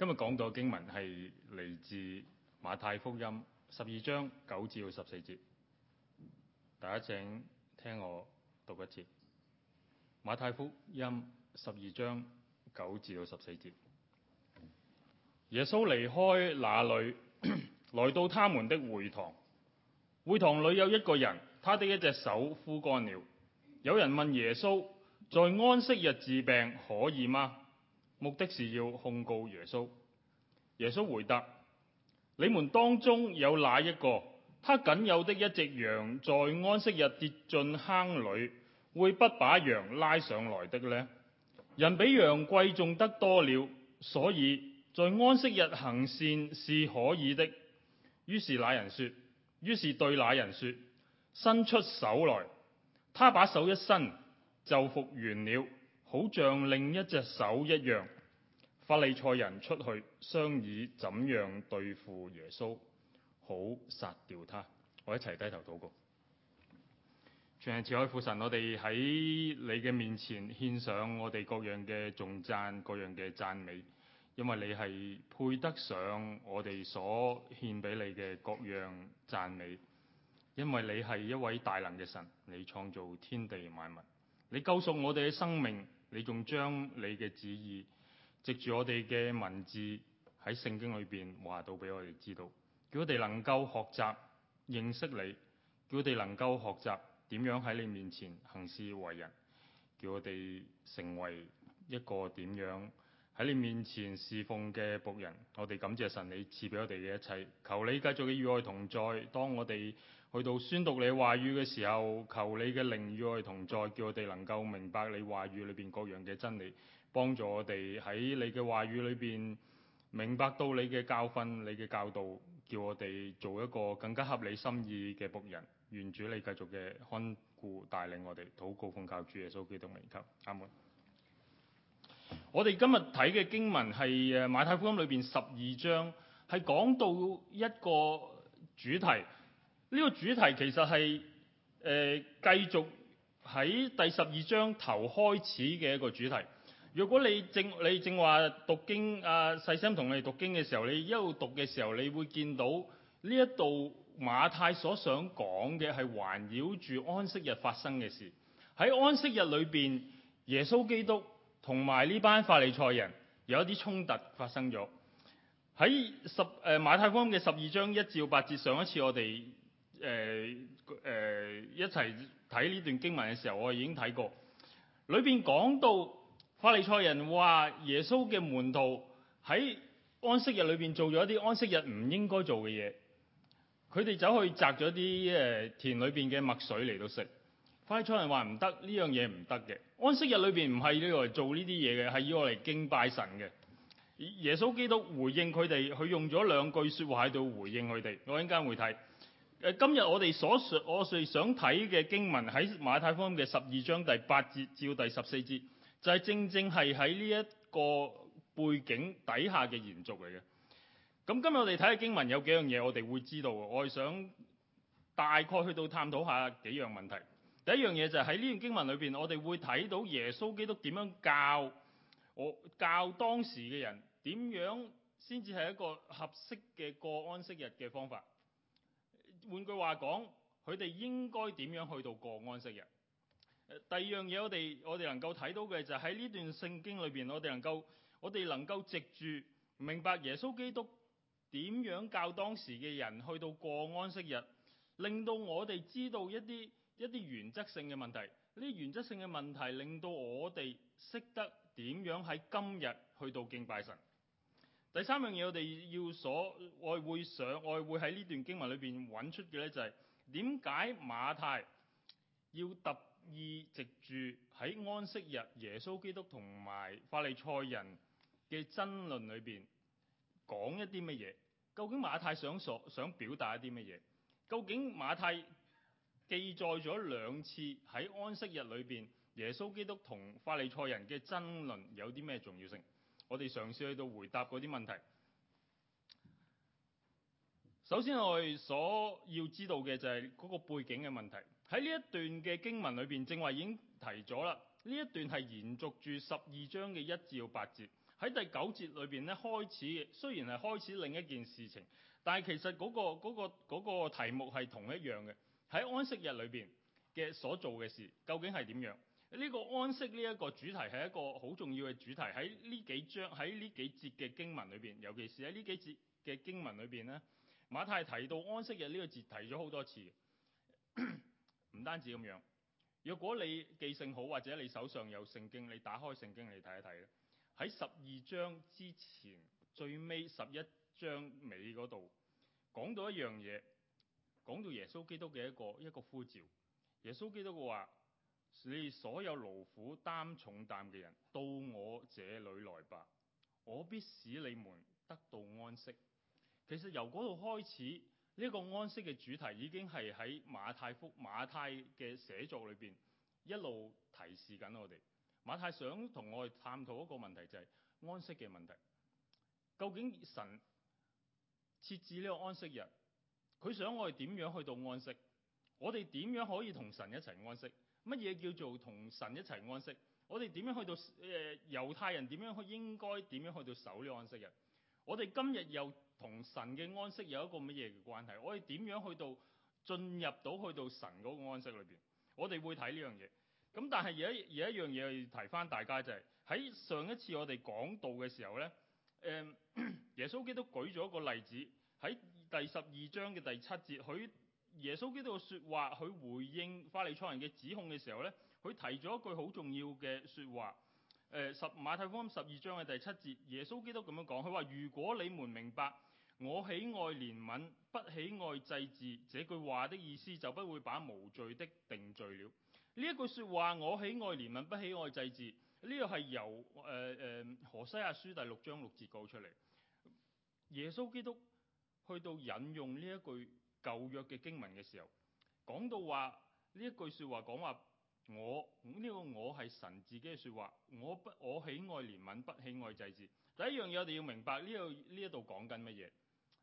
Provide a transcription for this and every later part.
今日講到嘅經文係嚟自馬太福音十二章九至到十四節，大家請聽我讀一次馬太福音十二章九至到十四節。耶穌離開那裡， 來到他們的會堂。會堂裏有一個人，他的一隻手枯乾了。有人問耶穌，在安息日治病可以嗎？目的是要控告耶穌。耶穌回答：你們當中有哪一個，他僅有的一隻羊在安息日跌進坑裏，會不把羊拉上來的呢？人比羊貴重得多了，所以在安息日行善是可以的。於是那人說，於是對那人說，伸出手來，他把手一伸，就復原了。好像另一隻手一樣，法利賽人出去，商議怎樣對付耶穌，好殺掉他。我一齊低頭禱告。全能慈愛父神，我哋喺你嘅面前獻上我哋各樣嘅，重讚各樣嘅讚美，因為你係配得上我哋所獻俾你嘅各樣讚美，因為你係一位大能嘅神，你創造天地萬物，你救贖我哋嘅生命。你仲將你嘅旨意藉住我哋嘅文字喺聖經裏邊話到俾我哋知道，叫我哋能夠學習認識你，叫我哋能夠學習點樣喺你面前行事為人，叫我哋成為一個點樣喺你面前侍奉嘅僕人。我哋感謝神，你賜俾我哋嘅一切，求你繼續嘅與愛同在，當我哋。去到宣讀你話語嘅時候，求你嘅靈與我哋同在，叫我哋能夠明白你話語裏邊各樣嘅真理，幫助我哋喺你嘅話語裏邊明白到你嘅教訓、你嘅教導，叫我哋做一個更加合你心意嘅僕人，願主你繼續嘅看顧帶領我哋禱告，奉主耶穌基督名求，阿門。 我哋今日睇嘅經文係《馬太福音》裏邊十二章，係講到一個主題。呢個主題其實係誒繼續喺第十二章頭開始嘅一個主題。如果你正你正話讀經啊，細心同你讀經嘅時候，你一路讀嘅時候，你會見到呢一度馬太所想講嘅係環繞住安息日發生嘅事。喺安息日裏邊，耶穌基督同埋呢班法利賽人有一啲衝突發生咗。喺十誒、呃、馬太福音嘅十二章一至八節，上一次我哋。誒誒、呃呃，一齊睇呢段經文嘅時候，我已經睇過裏邊講到法利賽人話耶穌嘅門徒喺安息日裏邊做咗一啲安息日唔應該做嘅嘢。佢哋走去摘咗啲誒田裏邊嘅麥穗嚟到食。法利賽人話唔得，呢樣嘢唔得嘅。安息日裏邊唔係要嚟做呢啲嘢嘅，係要我嚟敬拜神嘅。耶穌基督回應佢哋，佢用咗兩句説話喺度回應佢哋。我一陣間會睇。誒，今日我哋所我想我哋想睇嘅經文喺馬太福音嘅十二章第八節至第十四節，就係、係、正正係喺呢一個背景底下嘅延續嚟嘅。咁今日我哋睇嘅經文有幾樣嘢我哋會知道嘅，我係想大概去到探討下幾樣問題。第一樣嘢就係喺呢段經文裏邊，我哋會睇到耶穌基督點樣教我教當時嘅人點樣先至係一個合適嘅過安息日嘅方法。換句話講，佢哋應該點樣去到過安息日？第二樣嘢我哋我哋能夠睇到嘅就喺呢段聖經裏邊，我哋能夠我哋能夠藉住明白耶穌基督點樣教當時嘅人去到過安息日，令到我哋知道一啲一啲原則性嘅問題。呢啲原則性嘅問題令到我哋識得點樣喺今日去到敬拜神。第三樣嘢，我哋要所我會想，我會喺呢段經文裏邊揾出嘅咧，就是，就係點解馬太要特意藉住喺安息日耶穌基督同埋法利賽人嘅爭論裏邊講一啲乜嘢？究竟馬太想所想表達一啲乜嘢？究竟馬太記載咗兩次喺安息日裏邊耶穌基督同法利賽人嘅爭論有啲咩重要性？我哋嘗試去到回答嗰啲問題。首先我哋所要知道嘅就係嗰個背景嘅問題。喺呢一段嘅經文裏邊，正話已經提咗啦。呢一段係延續住十二章嘅一至八節。喺第九節裏邊咧，開始雖然係開始另一件事情，但係其實嗰個嗰個嗰個嗰個題目係同一樣嘅。喺安息日裏邊嘅所做嘅事，究竟係點樣？呢個安息呢一個主題係一個好重要嘅主題，喺呢幾章喺呢幾節嘅經文裏邊，尤其是喺呢幾節嘅經文裏邊咧，馬太提到安息嘅呢個字提咗好多次。唔 單止咁樣，若果你記性好或者你手上有聖經，你打開聖經你睇一睇咧，喺十二章之前最尾十一章尾嗰度講到一樣嘢，講到耶穌基督嘅一個一個呼召，耶穌基督嘅話。你所有勞苦擔重擔嘅人，到我這裏來吧，我必使你們得到安息。其實由嗰度開始，呢個安息嘅主題已經係喺馬太福、馬太嘅寫作裏邊一路提示緊我哋。馬太想同我哋探討一個問題，就係安息嘅問題。究竟神設置呢個安息日，佢想我哋點樣去到安息？我哋點樣可以同神一齊安息？乜嘢叫做同神一齊安息？我哋點樣去到誒、呃、猶太人點樣去應該點樣去到守呢個安息嘅？我哋今日又同神嘅安息有一個乜嘢嘅關係？我哋點樣去到進入到去到神嗰個安息裏邊？我哋會睇呢樣嘢。咁但係有一有一樣嘢要提翻大家就係、是、喺上一次我哋講道嘅時候咧，誒、嗯、耶穌基督舉咗一個例子喺第十二章嘅第七節，佢。耶穌基督嘅説話，佢回應法利賽人嘅指控嘅時候呢，佢提咗一句好重要嘅説話。誒、呃、十馬太福音十二章嘅第七節，耶穌基督咁樣講，佢話：如果你們明白「我喜愛憐憫，不喜愛祭祀」這句話的意思，就不會把無罪的定罪了。呢一句説話，「我喜愛憐憫，不喜愛祭祀」呢個係由誒誒、呃呃、何西亞書第六章六節講出嚟。耶穌基督去到引用呢一句。舊約嘅經文嘅時候，講到話呢一句説話講說，講話我呢、這個我係神自己嘅説話。我不我喜愛憐憫，不喜愛祭祀。第一樣嘢我哋要明白呢度呢一度講緊乜嘢？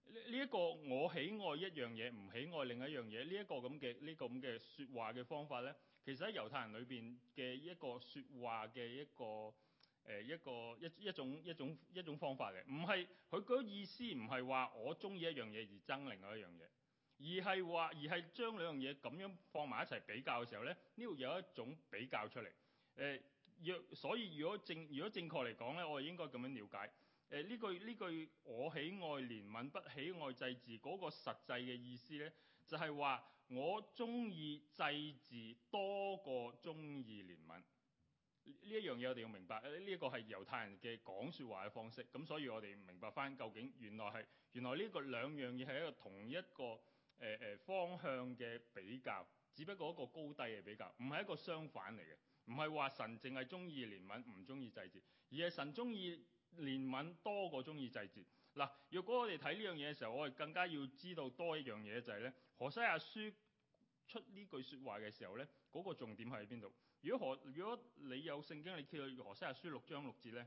呢、這、一個我喜愛一樣嘢，唔喜愛另一樣嘢。呢、這、一個咁嘅呢咁嘅説話嘅方法呢，其實喺猶太人裏邊嘅一個説話嘅一個誒、呃、一個一一種一種一種,一種方法嚟，唔係佢個意思唔係話我中意一樣嘢而憎另外一樣嘢。.而係話，而係將兩樣嘢咁樣放埋一齊比較嘅時候呢呢度有一種比較出嚟。誒、呃、若所以如，如果正如果正確嚟講呢，我應該咁樣了解。誒、呃、呢句呢句我喜愛憐憫，不喜愛祭祀嗰個實際嘅意思呢就係、是、話我中意祭祀多過中意憐憫。呢一樣嘢我哋要明白，呢、呃、一、這個係猶太人嘅講説話嘅方式。咁所以我哋明白翻究竟原來係原來呢個兩樣嘢係一個同一個。誒誒、呃、方向嘅比較，只不過一個高低嘅比較，唔係一個相反嚟嘅，唔係話神淨係中意憐憫，唔中意祭祀，而係神中意憐憫多過中意祭祀。嗱，若果我哋睇呢樣嘢嘅時候，我哋更加要知道多一樣嘢就係、是、咧，何西阿書出呢句説話嘅時候咧，嗰、那個重點係喺邊度？如果何，如果你有聖經，你睇到何西阿書六章六節咧，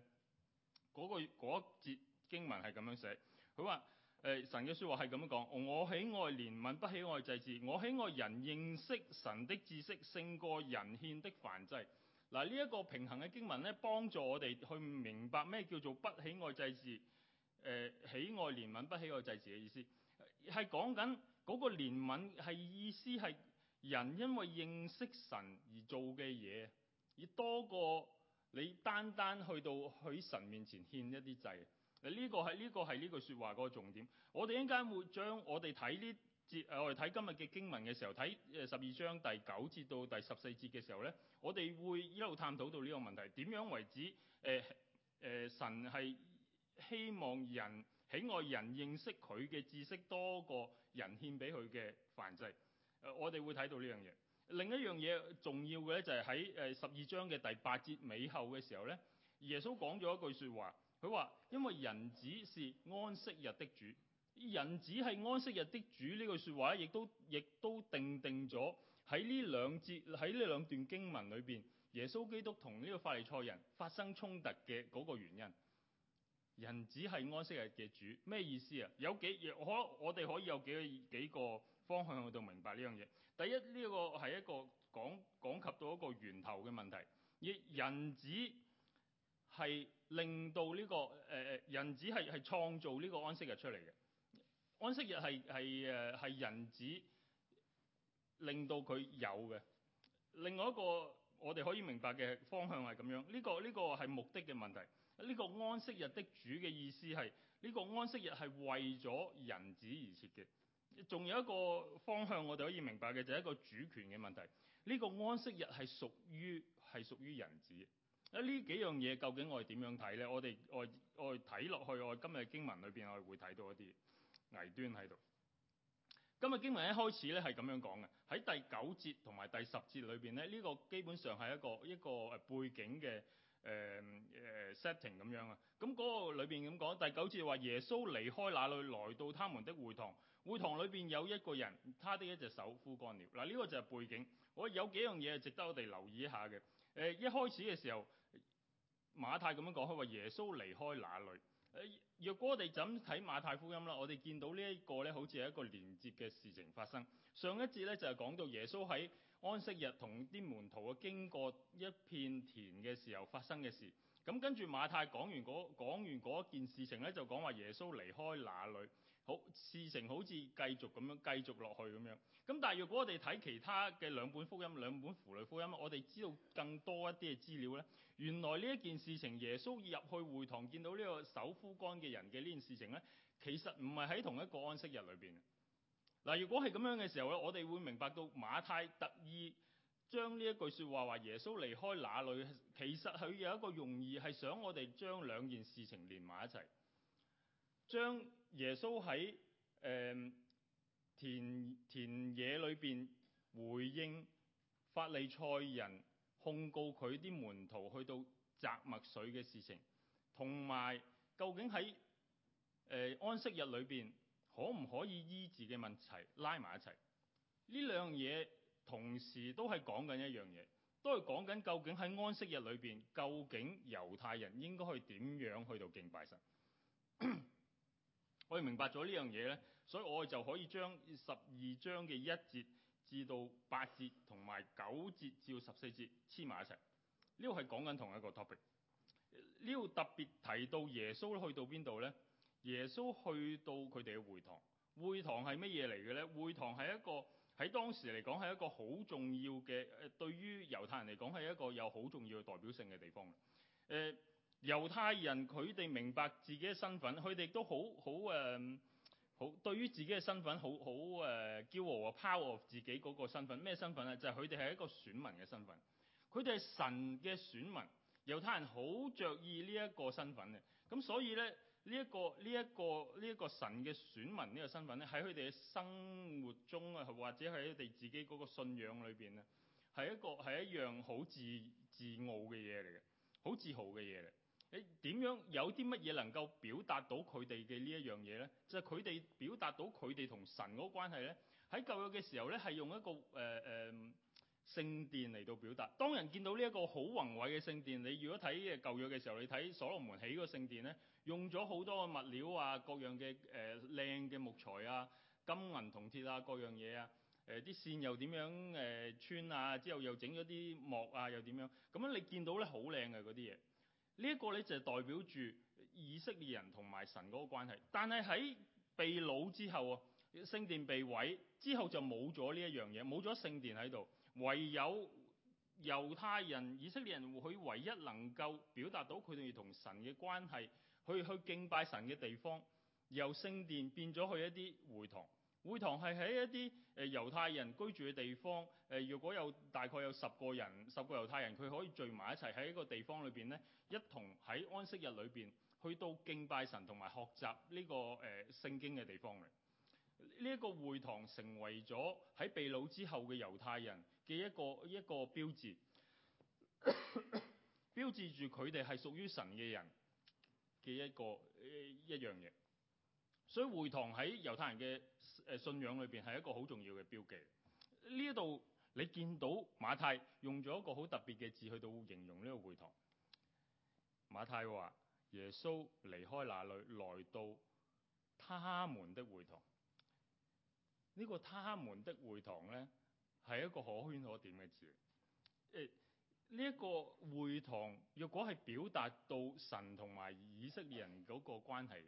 嗰、那個嗰節經文係咁樣寫，佢話。誒神嘅說話係咁樣講，我喜愛憐憫，不喜愛祭祀；我喜愛人認識神的知識，勝過人獻的燔祭。嗱，呢一個平衡嘅經文咧，幫助我哋去明白咩叫做不喜愛祭祀，誒、呃、喜愛憐憫，不喜愛祭祀嘅意思，係講緊嗰個憐憫係意思係人因為認識神而做嘅嘢，而多過你單單去到喺神面前獻一啲祭。呢個係呢個係呢句説話個重點。我哋一陣間會將我哋睇呢節，我哋睇今日嘅經文嘅時候，睇誒十二章第九節到第十四節嘅時候咧，我哋會一路探討到呢個問題：點樣為止？誒、呃、誒、呃，神係希望人喜愛人認識佢嘅知識多過人獻俾佢嘅燔祭。誒、呃，我哋會睇到呢樣嘢。另一樣嘢重要嘅咧，就係喺誒十二章嘅第八節尾後嘅時候咧，耶穌講咗一句説話。佢話：因為人子是安息日的主，人子係安息日的主，呢句説話亦都亦都定定咗喺呢兩節喺呢兩段經文裏邊，耶穌基督同呢個法利賽人發生衝突嘅嗰個原因。人子係安息日嘅主，咩意思啊？有幾若可，我哋可以有幾個幾個方向去到明白呢樣嘢。第一，呢個係一個講講及到一個源頭嘅問題，而人子。係令到呢個誒誒、呃、人子係係創造呢個安息日出嚟嘅，安息日係係誒係人子令到佢有嘅。另外一個我哋可以明白嘅方向係咁樣，呢個呢個係目的嘅問題。呢個安息日的主嘅意思係呢個安息日係為咗人子而設嘅。仲有一個方向我哋可以明白嘅就係一個主權嘅問題。呢個安息日係屬於係屬於人子。呢幾樣嘢究竟我哋點樣睇呢？我哋我我睇落去，我今日經文裏邊我哋會睇到一啲危端喺度。今日經文一開始呢，係咁樣講嘅，喺第九節同埋第十節裏邊呢，呢、呢個基本上係一個一個背景嘅誒誒、呃呃、setting 咁樣啊。咁嗰個裏邊咁講，第九節話耶穌離開那裏，來到他們的會堂。會堂裏邊有一個人，他的一隻手枯乾了。嗱，呢個就係背景。我有幾樣嘢值得我哋留意一下嘅。一開始嘅時候。馬太咁樣講，佢話耶穌離開那裏。若果我哋就咁睇馬太福音啦，我哋見到呢一個咧，好似係一個連接嘅事情發生。上一節咧就係、是、講到耶穌喺安息日同啲門徒啊經過一片田嘅時候發生嘅事。咁跟住馬太講完嗰講完件事情咧，就講話耶穌離開那裏。好事情好似繼續咁樣繼續落去咁樣。咁但係如果我哋睇其他嘅兩本福音、兩本符類福音，我哋知道更多一啲嘅資料呢，原來呢一件事情，耶穌入去會堂見到呢個手枯乾嘅人嘅呢件事情呢，其實唔係喺同一個安息日裏邊。嗱，如果係咁樣嘅時候咧，我哋會明白到馬太特意將呢一句説話話耶穌離開那裏，其實佢有一個用意係想我哋將兩件事情連埋一齊。將耶穌喺誒田田野裏邊回應法利賽人控告佢啲門徒去到摘麥穗嘅事情，同埋究竟喺誒、呃、安息日裏邊可唔可以醫治嘅問題拉埋一齊。呢兩樣嘢同時都係講緊一樣嘢，都係講緊究竟喺安息日裏邊究竟猶太人應該去點樣去到敬拜神。 我哋明白咗呢樣嘢呢，所以我哋就可以將十二章嘅一節至到八節同埋九節至到十四節黐埋一齊。呢度係講緊同一個 topic。呢度特別提到耶穌去到邊度呢？耶穌去到佢哋嘅會堂。會堂係乜嘢嚟嘅呢？會堂係一個喺當時嚟講係一個好重要嘅，誒對於猶太人嚟講係一個有好重要嘅代表性嘅地方嘅。呃猶太人佢哋明白自己嘅身份，佢哋都好好誒，好、嗯、對於自己嘅身份好好誒驕傲啊，proud of、嗯、自己嗰、就是、個，個身份。咩身份咧？就係佢哋係一個、這個這個這個、選民嘅身份。佢哋係神嘅選民。猶太人好着意呢一個身份嘅，咁所以咧呢一個呢一個呢一個神嘅選民呢個身份咧，喺佢哋嘅生活中啊，或者喺佢哋自己嗰個信仰裏邊咧，係一個係一樣好自自傲嘅嘢嚟嘅，好自豪嘅嘢嚟。你點樣有啲乜嘢能夠表達到佢哋嘅呢一樣嘢呢？就係佢哋表達到佢哋同神嗰個關係呢。喺舊約嘅時候呢，係用一個誒誒、呃呃、聖殿嚟到表達。當人見到呢一個好宏偉嘅聖殿，你如果睇誒舊約嘅時候，你睇所羅門起嗰個聖殿呢，用咗好多嘅物料啊，各樣嘅誒、呃、靚嘅木材啊、金銀銅鐵啊，各樣嘢啊。誒、呃、啲線又點樣誒、呃、穿啊？之後又整咗啲木啊，又點樣咁樣？噉你見到呢好靚嘅嗰啲嘢。呢一個咧就係代表住以色列人同埋神嗰個關係，但係喺被擄之後啊，聖殿被毀之後就冇咗呢一樣嘢，冇咗聖殿喺度，唯有猶太人、以色列人佢唯一能夠表達到佢哋同神嘅關係，去去敬拜神嘅地方，由聖殿變咗去一啲會堂。會堂係喺一啲誒猶太人居住嘅地方，誒若果有大概有十個人、十個猶太人，佢可以聚埋一齊喺一個地方裏邊咧，一同喺安息日裏邊去到敬拜神同埋學習呢、這個誒聖、呃、經嘅地方嘅。呢、這、一個會堂成為咗喺被擄之後嘅猶太人嘅一個一個標誌， 標誌住佢哋係屬於神嘅人嘅一個、呃、一樣嘢。所以會堂喺猶太人嘅誒信仰裏邊係一個好重要嘅標記。呢度你見到馬太用咗一個好特別嘅字去到形容呢個會堂。馬太話：耶穌離開那裏，來到他們的會堂。呢個他們的會堂咧係一個可圈可點嘅字。誒，呢一個會堂若果係表達到神同埋以色列人嗰個關係。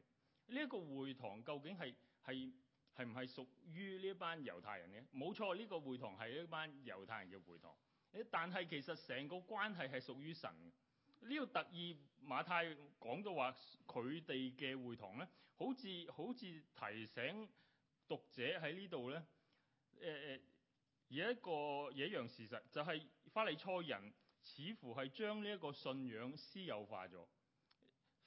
呢一個會堂究竟係係係唔係屬於呢一班猶太人嘅？冇錯，呢、這個會堂係一班猶太人嘅會堂。但係其實成個關係係屬於神嘅。呢、這個特意馬太講到話佢哋嘅會堂咧，好似好似提醒讀者喺呢度咧，誒、呃、誒，而一個嘢一樣事實就係法利賽人似乎係將呢一個信仰私有化咗。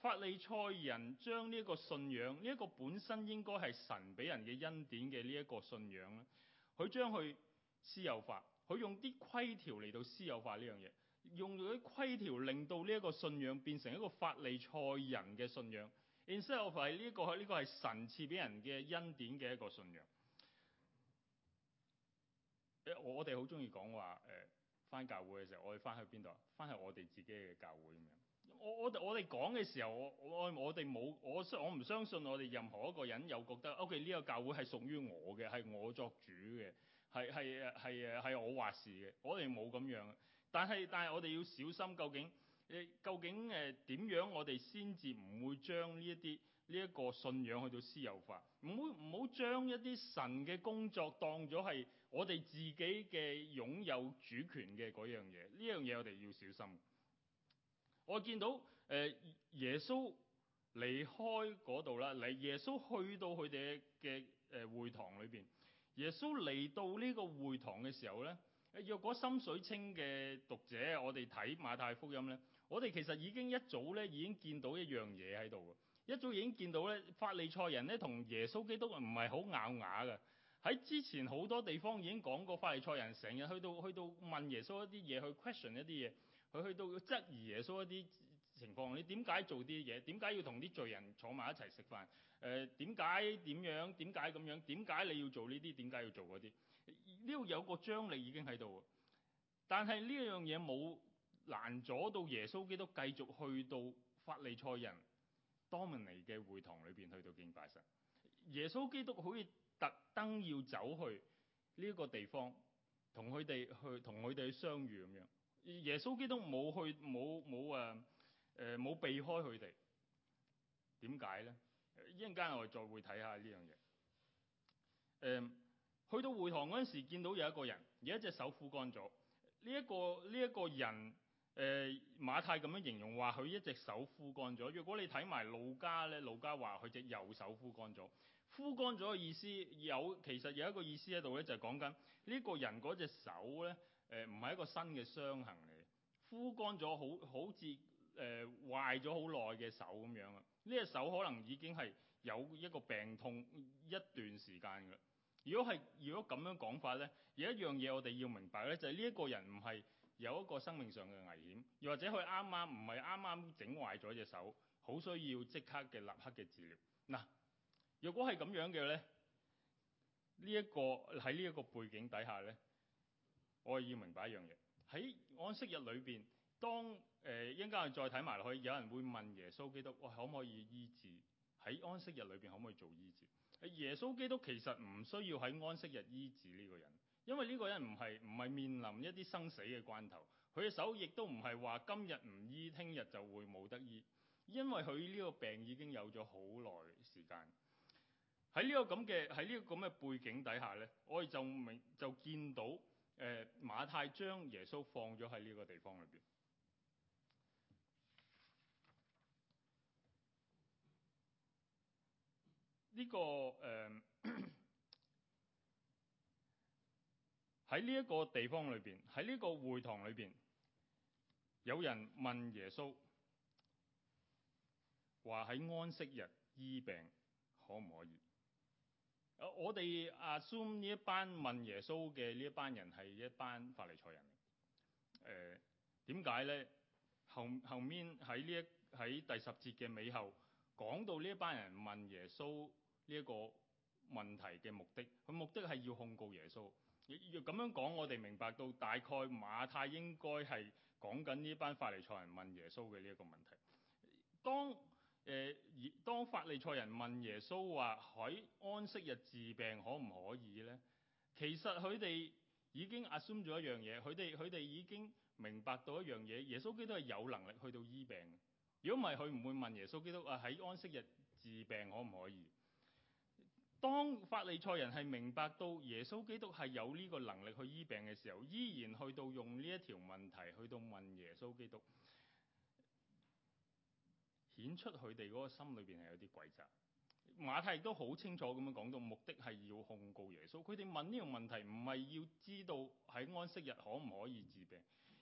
法利賽人將呢一個信仰，呢、這、一個本身應該係神俾人嘅恩典嘅呢一個信仰，佢將佢私有化，佢用啲規條嚟到私有化呢樣嘢，用嗰啲規條令到呢一個信仰變成一個法利賽人嘅信仰，instead of 係呢個呢個係神賜俾人嘅恩典嘅一個信仰。我哋好中意講話誒，翻、呃、教會嘅時候，我哋翻去邊度啊？翻去我哋自己嘅教會我我哋講嘅時候，我我我哋冇我我唔相信我哋任何一個人又覺得，OK 呢個教會係屬於我嘅，係我作主嘅，係係誒係我話事嘅，我哋冇咁樣。但係但係我哋要小心究，究竟、呃、究竟誒點、呃、樣我哋先至唔會將呢一啲呢一個信仰去到私有化，唔好唔好將一啲神嘅工作當咗係我哋自己嘅擁有主權嘅嗰樣嘢。呢樣嘢我哋要小心。我見到耶穌離開嗰度啦，嚟耶穌去到佢哋嘅誒會堂裏邊。耶穌嚟到呢個會堂嘅時候呢，若果心水清嘅讀者，我哋睇馬太福音呢，我哋其實已經一早呢已經見到一樣嘢喺度。一早已經見到呢，法利賽人呢同耶穌基督唔係好咬牙嘅。喺之前好多地方已經講過，法利賽人成日去到去到問耶穌一啲嘢去 question 一啲嘢。佢去到質疑耶穌一啲情況，你點解做啲嘢？點解要同啲罪人坐埋一齊食飯？誒、呃，點解點樣？點解咁樣？點解你要做呢啲？點解要做嗰啲？呢度有個張力已經喺度。但係呢樣嘢冇難阻到耶穌基督繼續去到法利賽人多明尼嘅會堂裏邊去到敬拜神。耶穌基督好似特登要走去呢一個地方，同佢哋去同佢哋相遇咁樣。耶穌基督冇去冇冇誒誒冇避開佢哋，點解咧？一陣間我哋再會睇下呢樣嘢。誒、呃，去到會堂嗰陣時，見到有一個人，有一隻手枯乾咗。呢、這、一個呢一、這個人，誒、呃、馬太咁樣形容話佢一隻手枯乾咗。如果你睇埋路加咧，路加話佢隻右手枯乾咗。枯乾咗嘅意思有其實有一個意思喺度咧，就係、是、講緊呢、這個人嗰隻手咧。誒唔係一個新嘅傷痕嚟，枯乾咗好好、呃、好似誒壞咗好耐嘅手咁樣啊！呢、這、隻、個、手可能已經係有一個病痛一段時間㗎。如果係如果咁樣講法咧，有一樣嘢我哋要明白咧，就係呢一個人唔係有一個生命上嘅危險，又或者佢啱啱唔係啱啱整壞咗隻手，好需要即刻嘅立刻嘅治療。嗱、呃，如果係咁樣嘅咧，呢、這、一個喺呢一個背景底下咧。我又要明白一樣嘢喺安息日裏邊，當誒一陣間再睇埋落去，有人會問耶穌基督：喂、哎，可唔可以醫治？喺安息日裏邊可唔可以做醫治？耶穌基督其實唔需要喺安息日醫治呢個人，因為呢個人唔係唔係面臨一啲生死嘅關頭，佢嘅手亦都唔係話今日唔醫，聽日就會冇得醫，因為佢呢個病已經有咗好耐時間。喺呢個咁嘅喺呢個咁嘅背景底下呢，我哋就明就見到。誒、呃、馬太將耶穌放咗喺呢個地方裏邊。呢、呢個誒，喺呢一個地方裏邊，喺呢個會堂裏邊，有人問耶穌話：「喺安息日醫病可唔可以？」我哋 assume 呢一班問耶穌嘅呢一班人係一班法利賽人嚟。呃、點解呢？後後面喺呢一喺第十節嘅尾後講到呢一班人問耶穌呢一個問題嘅目的，佢目的係要控告耶穌。要咁樣講，我哋明白到大概馬太應該係講緊呢一班法利賽人問耶穌嘅呢一個問題。當誒當法利賽人問耶穌話喺安息日治病可唔可以呢，其實佢哋已經 assume 咗一樣嘢，佢哋佢哋已經明白到一樣嘢，耶穌基督係有能力去到醫病。如果唔係，佢唔會問耶穌基督啊，喺安息日治病可唔可以？當法利賽人係明白到耶穌基督係有呢個能力去醫病嘅時候，依然去到用呢一條問題去到問耶穌基督。顯出佢哋嗰個心裏邊係有啲詭詐。馬太亦都好清楚咁樣講到，目的係要控告耶穌。佢哋問呢個問題唔係要知道喺安息日可唔可以治病，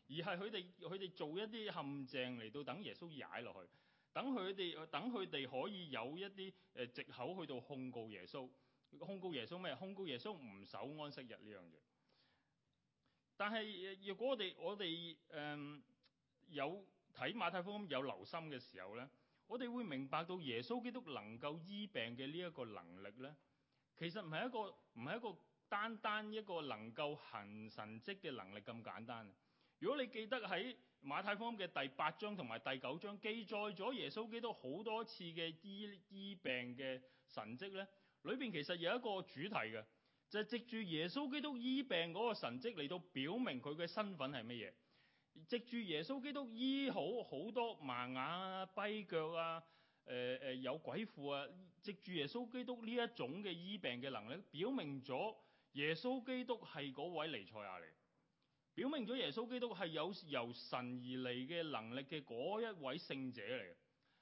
而係佢哋佢哋做一啲陷阱嚟到等耶穌踩落去，等佢哋等佢哋可以有一啲誒藉口去到控告耶穌，控告耶穌咩？控告耶穌唔守安息日呢樣嘢。但係若果我哋我哋誒、嗯、有睇馬太福音有留心嘅時候咧。我哋會明白到耶穌基督能夠醫病嘅呢一個能力呢，其實唔係一個唔係一個單單一個能夠行神蹟嘅能力咁簡單。如果你記得喺馬太福音嘅第八章同埋第九章記載咗耶穌基督好多次嘅醫醫病嘅神蹟呢，裏邊其實有一個主題嘅，就係、是、藉住耶穌基督醫病嗰個神蹟嚟到表明佢嘅身份係乜嘢。藉住耶穌基督醫好好多盲眼啊、跛腳啊、誒、呃、誒有鬼附啊，藉住耶穌基督呢一種嘅醫病嘅能力，表明咗耶穌基督係嗰位彌賽亞嚟，表明咗耶穌基督係有由神而嚟嘅能力嘅嗰一位聖者嚟。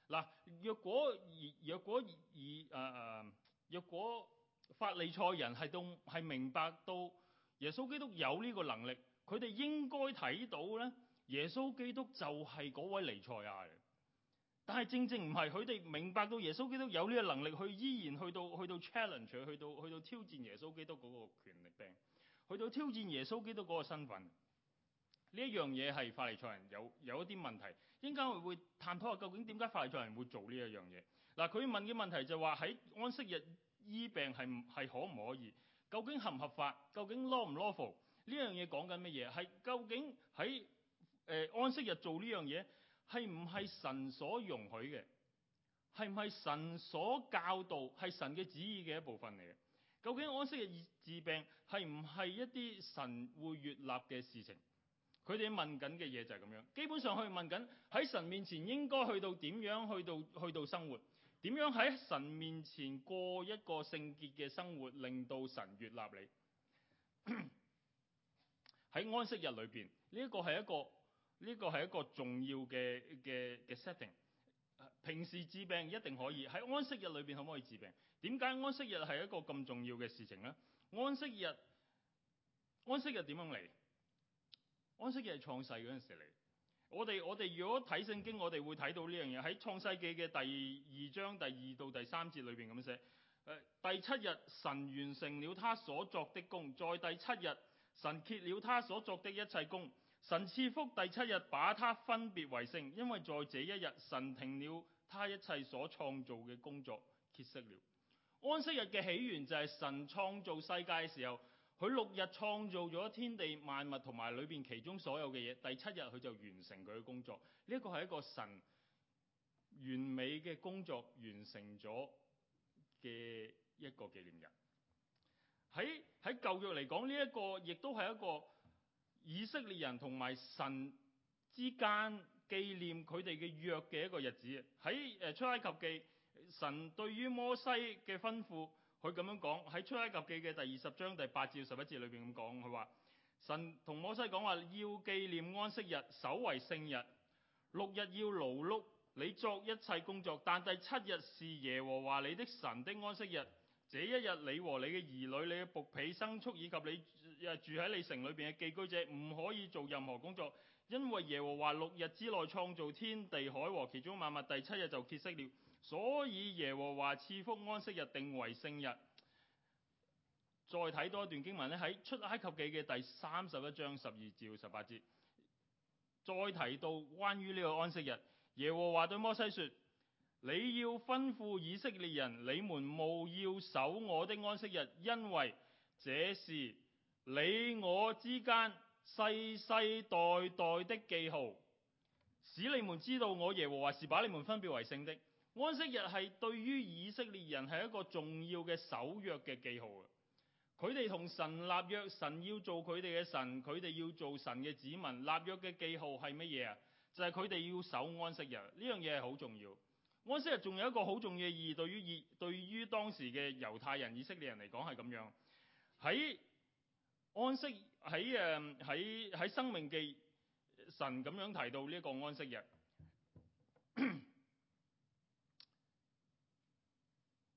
嗱、呃，若果若果以誒誒、呃呃，若果法利賽人係到係明白到耶穌基督有呢個能力。佢哋應該睇到呢，耶穌基督就係嗰位彌賽亞。但係正正唔係，佢哋明白到耶穌基督有呢個能力，去依然去到去到 challenge 去到去到挑戰耶穌基督嗰個權柄，去到挑戰耶穌基督嗰個身份。呢一樣嘢係法利賽人有有一啲問題。一陣間會會探討下究竟點解法利賽人會做呢一樣嘢？嗱，佢問嘅問題就話喺安息日醫病係係可唔可以？究竟合唔合法？究竟 law 唔 lawful？呢樣嘢講緊乜嘢？係究竟喺誒、呃、安息日做呢樣嘢係唔係神所容許嘅？係唔係神所教導？係神嘅旨意嘅一部分嚟嘅？究竟安息日治病係唔係一啲神會悅納嘅事情？佢哋問緊嘅嘢就係咁樣，基本上佢問緊喺神面前應該去到點樣去到？去到去到生活點樣喺神面前過一個聖潔嘅生活，令到神悅納你。 喺安息日裏邊，呢、這個、一個係一、這個呢個係一個重要嘅嘅嘅 setting。Set ting, 平時治病一定可以喺安息日裏邊可唔可以治病？點解安息日係一個咁重要嘅事情呢？安息日安息日點樣嚟？安息日係創世嗰陣時嚟。我哋我哋如果睇聖經，我哋會睇到呢樣嘢喺創世記嘅第二章第二到第三節裏邊咁寫。誒、呃，第七日神完成了他所作的功。在第七日。神歇了他所作的一切工，神賜福第七日，把他分別為聖，因為在這一日，神停了他一切所創造嘅工作，歇息了。安息日嘅起源就係神創造世界嘅時候，佢六日創造咗天地萬物同埋裏邊其中所有嘅嘢，第七日佢就完成佢嘅工作。呢個係一個神完美嘅工作完成咗嘅一個紀念日。喺喺舊約嚟講，呢、這、一個亦都係一個以色列人同埋神之間紀念佢哋嘅約嘅一個日子。喺呃、《出埃及記》，神對於摩西嘅吩咐，佢咁樣講喺《出埃及記》嘅第二十章第八至十一節裏邊咁講，佢話：神同摩西講話要紀念安息日，守為聖日。六日要勞碌，你作一切工作，但第七日是耶和華你的神的安息日。這一日你和你嘅兒女、你嘅僕婢、牲畜以及你住喺你城裏邊嘅寄居者唔可以做任何工作，因為耶和華六日之內創造天地海和其中萬物，第七日就歇息了。所以耶和華賜福安息日，定為聖日。再睇多一段經文咧，喺出埃及記嘅第三十一章十二至十八節，再提到關於呢個安息日，耶和華對摩西說。你要吩咐以色列人：你們務要守我的安息日，因為這是你我之間世世代代的記號，使你們知道我耶和華是把你們分別為聖的。安息日係對於以色列人係一個重要嘅守約嘅記號。佢哋同神立約，神要做佢哋嘅神，佢哋要做神嘅子民。立約嘅記號係乜嘢啊？就係佢哋要守安息日，呢樣嘢係好重要。安息日仲有一個好重要嘅意義，對於以對於當時嘅猶太人、以色列人嚟講係咁樣，喺安息喺誒喺喺生命記神咁樣提到呢一個安息日。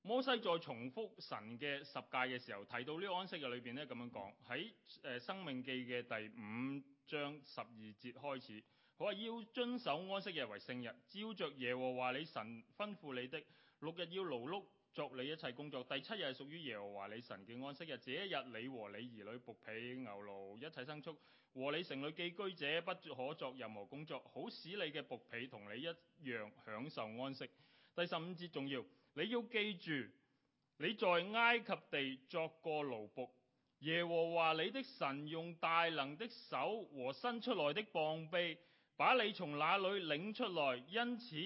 摩西再重複神嘅十誡嘅時候，提到呢個安息日裏邊咧，咁樣講，喺誒生命記嘅第五章十二節開始。佢話要遵守安息日為聖日，照着耶和華你神吩咐你的。六日要勞碌作你一切工作，第七日係屬於耶和華你神嘅安息日。這一日你和你兒女、僕婢牛驢一切牲畜和你城裏寄居者，不可作任何工作，好使你嘅僕婢同你一樣享受安息。第十五節重要，你要記住你在埃及地作過奴僕，耶和華你的神用大能的手和伸出來的膀臂。把你從那裏領出來。因此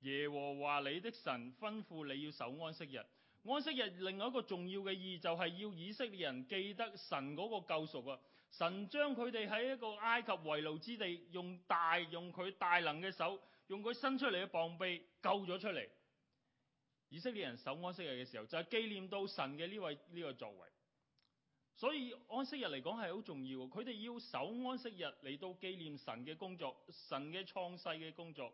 耶和華你的神吩咐你要守安息日。安息日另外一個重要嘅意義就係要以色列人記得神嗰個救贖啊！神將佢哋喺一個埃及為奴之地，用大用佢大能嘅手，用佢伸出嚟嘅膀臂救咗出嚟。以色列人守安息日嘅時候，就係、是、紀念到神嘅呢位呢、這個作為。所以安息日嚟講係好重要，佢哋要守安息日嚟到紀念神嘅工作，神嘅創世嘅工作，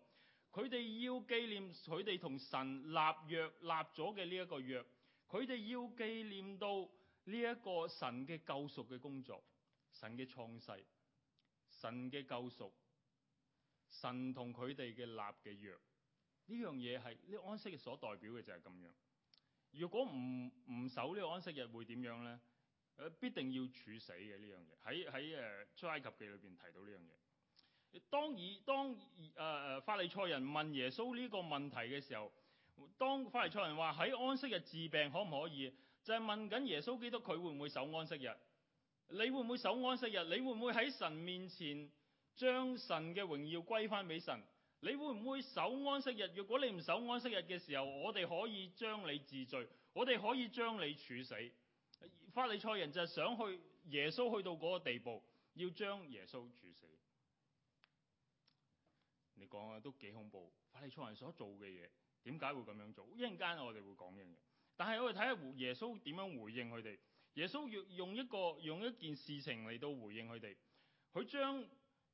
佢哋要紀念佢哋同神立約立咗嘅呢一個約，佢哋要紀念到呢一個神嘅救贖嘅工作，神嘅創世，神嘅救贖，神同佢哋嘅立嘅約，呢樣嘢係呢安息日所代表嘅就係咁樣。如果唔唔守呢個安息日會點樣呢？必定要處死嘅呢樣嘢，喺喺誒出埃及記裏邊提到呢樣嘢。當以，當誒誒法利賽人問耶穌呢個問題嘅時候，當法利賽人話喺安息日治病可唔可以，就係、是、問緊耶穌基督佢會唔會守安息日？你會唔會守安息日？你會唔會喺神面前將神嘅榮耀歸翻俾神？你會唔會守安息日？如果你唔守安息日嘅時候，我哋可以將你治罪，我哋可以將你處死。法利賽人就係想去耶穌去到嗰個地步，要將耶穌處死。你講啊，都幾恐怖！法利賽人所做嘅嘢，點解會咁樣做？一陣間我哋會講一樣嘢。但係我哋睇下耶穌點樣回應佢哋。耶穌要用一個用一件事情嚟到回應佢哋。佢將